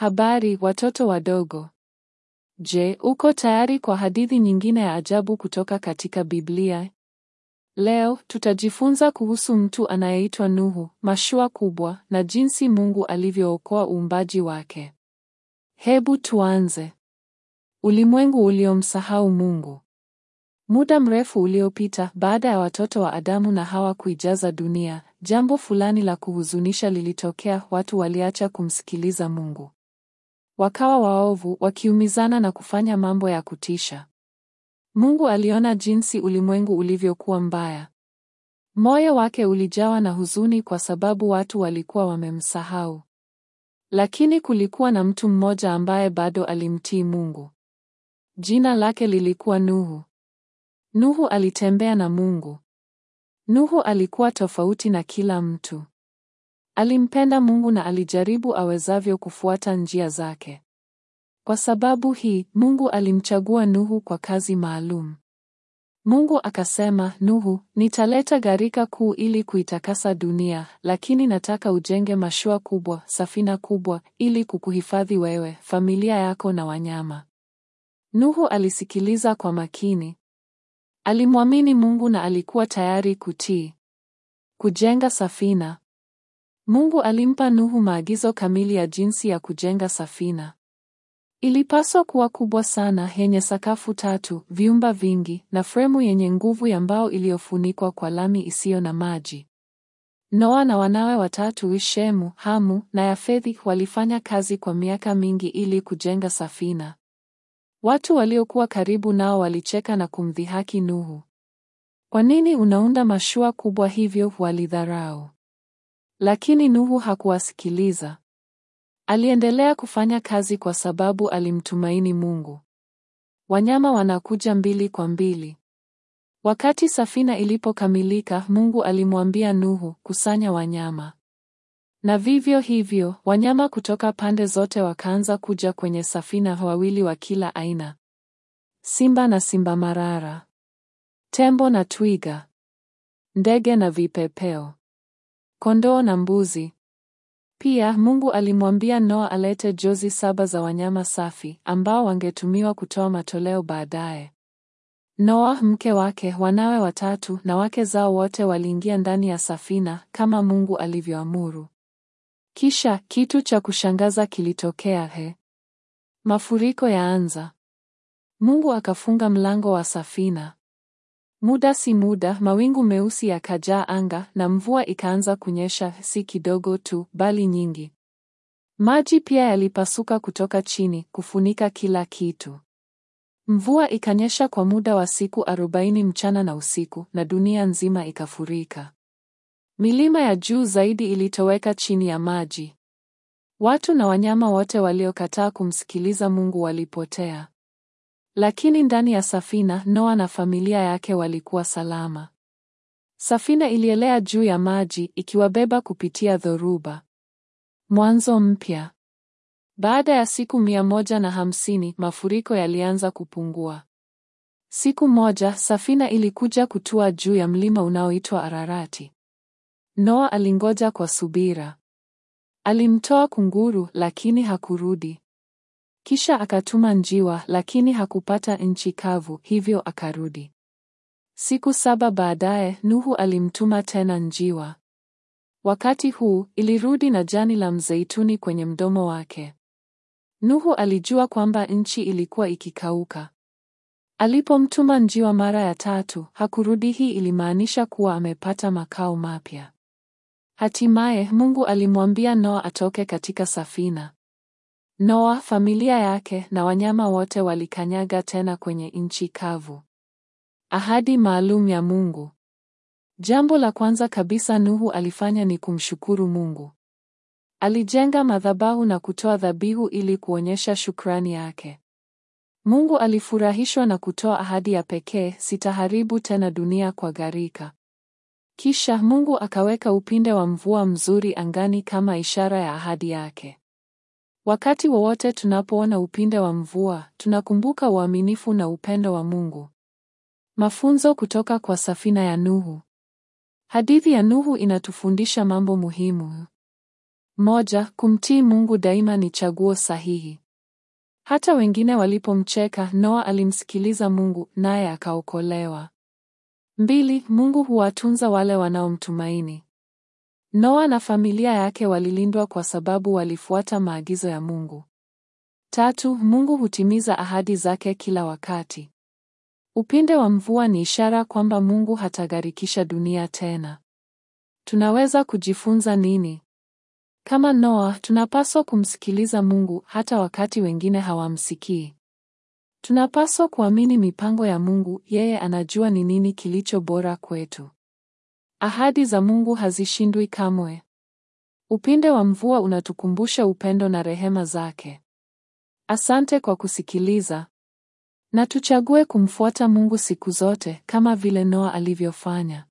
Habari watoto wadogo. Je, uko tayari kwa hadithi nyingine ya ajabu kutoka katika Biblia? Leo tutajifunza kuhusu mtu anayeitwa Nuhu, mashua kubwa, na jinsi Mungu alivyookoa uumbaji wake. Hebu tuanze. Ulimwengu uliomsahau Mungu. Muda mrefu uliopita, baada ya watoto wa Adamu na Hawa kuijaza dunia, jambo fulani la kuhuzunisha lilitokea. Watu waliacha kumsikiliza Mungu. Wakawa waovu, wakiumizana na kufanya mambo ya kutisha. Mungu aliona jinsi ulimwengu ulivyokuwa mbaya. Moyo wake ulijawa na huzuni kwa sababu watu walikuwa wamemsahau. Lakini kulikuwa na mtu mmoja ambaye bado alimtii Mungu. Jina lake lilikuwa Nuhu. Nuhu alitembea na Mungu. Nuhu alikuwa tofauti na kila mtu. Alimpenda Mungu na alijaribu awezavyo kufuata njia zake. Kwa sababu hii, Mungu alimchagua Nuhu kwa kazi maalum. Mungu akasema, Nuhu, nitaleta gharika kuu ili kuitakasa dunia, lakini nataka ujenge mashua kubwa, safina kubwa, ili kukuhifadhi wewe, familia yako na wanyama. Nuhu alisikiliza kwa makini. Alimwamini Mungu na alikuwa tayari kutii. Kujenga safina. Mungu alimpa Nuhu maagizo kamili ya jinsi ya kujenga safina. Ilipaswa kuwa kubwa sana, yenye sakafu tatu, vyumba vingi, na fremu yenye nguvu ya mbao iliyofunikwa kwa lami isiyo na maji. Noa na wanawe watatu, Shemu, Hamu na Yafethi, walifanya kazi kwa miaka mingi ili kujenga safina. Watu waliokuwa karibu nao walicheka na kumdhihaki Nuhu. Kwa nini unaunda mashua kubwa hivyo? Walidharau. Lakini Nuhu hakuwasikiliza. Aliendelea kufanya kazi kwa sababu alimtumaini Mungu. Wanyama wanakuja mbili kwa mbili. Wakati safina ilipokamilika, Mungu alimwambia Nuhu, kusanya wanyama. Na vivyo hivyo, wanyama kutoka pande zote wakaanza kuja kwenye safina, wawili wa kila aina. Simba na simba marara. Tembo na twiga. Ndege na vipepeo kondoo na mbuzi. Pia Mungu alimwambia Noa alete jozi saba za wanyama safi ambao wangetumiwa kutoa matoleo baadaye. Noa, mke wake, wanawe watatu na wake zao wote waliingia ndani ya safina kama Mungu alivyoamuru. Kisha kitu cha kushangaza kilitokea. He, mafuriko yaanza. Mungu akafunga mlango wa safina. Muda si muda, mawingu meusi yakajaa anga na mvua ikaanza kunyesha, si kidogo tu, bali nyingi. Maji pia yalipasuka kutoka chini kufunika kila kitu. Mvua ikanyesha kwa muda wa siku arobaini mchana na usiku, na dunia nzima ikafurika. Milima ya juu zaidi ilitoweka chini ya maji. Watu na wanyama wote waliokataa kumsikiliza Mungu walipotea. Lakini ndani ya safina, Noa na familia yake walikuwa salama. Safina ilielea juu ya maji ikiwabeba kupitia dhoruba. Mwanzo mpya. Baada ya siku mia moja na hamsini, mafuriko yalianza kupungua. Siku moja safina ilikuja kutua juu ya mlima unaoitwa Ararati. Noa alingoja kwa subira. Alimtoa kunguru lakini hakurudi. Kisha akatuma njiwa, lakini hakupata nchi kavu, hivyo akarudi. Siku saba baadaye, Nuhu alimtuma tena njiwa. Wakati huu ilirudi na jani la mzeituni kwenye mdomo wake. Nuhu alijua kwamba nchi ilikuwa ikikauka. Alipomtuma njiwa mara ya tatu, hakurudi. Hii ilimaanisha kuwa amepata makao mapya. Hatimaye Mungu alimwambia Noa atoke katika safina. Noa, familia yake na wanyama wote walikanyaga tena kwenye nchi kavu. Ahadi maalum ya Mungu. Jambo la kwanza kabisa Nuhu alifanya ni kumshukuru Mungu. Alijenga madhabahu na kutoa dhabihu ili kuonyesha shukrani yake. Mungu alifurahishwa na kutoa ahadi ya pekee, sitaharibu tena dunia kwa gharika. Kisha Mungu akaweka upinde wa mvua mzuri angani kama ishara ya ahadi yake. Wakati wowote tunapoona upinde wa mvua, tunakumbuka uaminifu na upendo wa Mungu. Mafunzo kutoka kwa safina ya Nuhu. Hadithi ya Nuhu inatufundisha mambo muhimu. Moja, kumtii Mungu daima ni chaguo sahihi. Hata wengine walipomcheka, Noa alimsikiliza Mungu naye akaokolewa. Mbili, Mungu huwatunza wale wanaomtumaini. Noa na familia yake walilindwa kwa sababu walifuata maagizo ya Mungu. Tatu, Mungu hutimiza ahadi zake kila wakati. Upinde wa mvua ni ishara kwamba Mungu hatagharikisha dunia tena. Tunaweza kujifunza nini? Kama Noa, tunapaswa kumsikiliza Mungu hata wakati wengine hawamsikii. Tunapaswa kuamini mipango ya Mungu, yeye anajua ni nini kilicho bora kwetu. Ahadi za Mungu hazishindwi kamwe. Upinde wa mvua unatukumbusha upendo na rehema zake. Asante kwa kusikiliza. Na tuchague kumfuata Mungu siku zote kama vile Noa alivyofanya.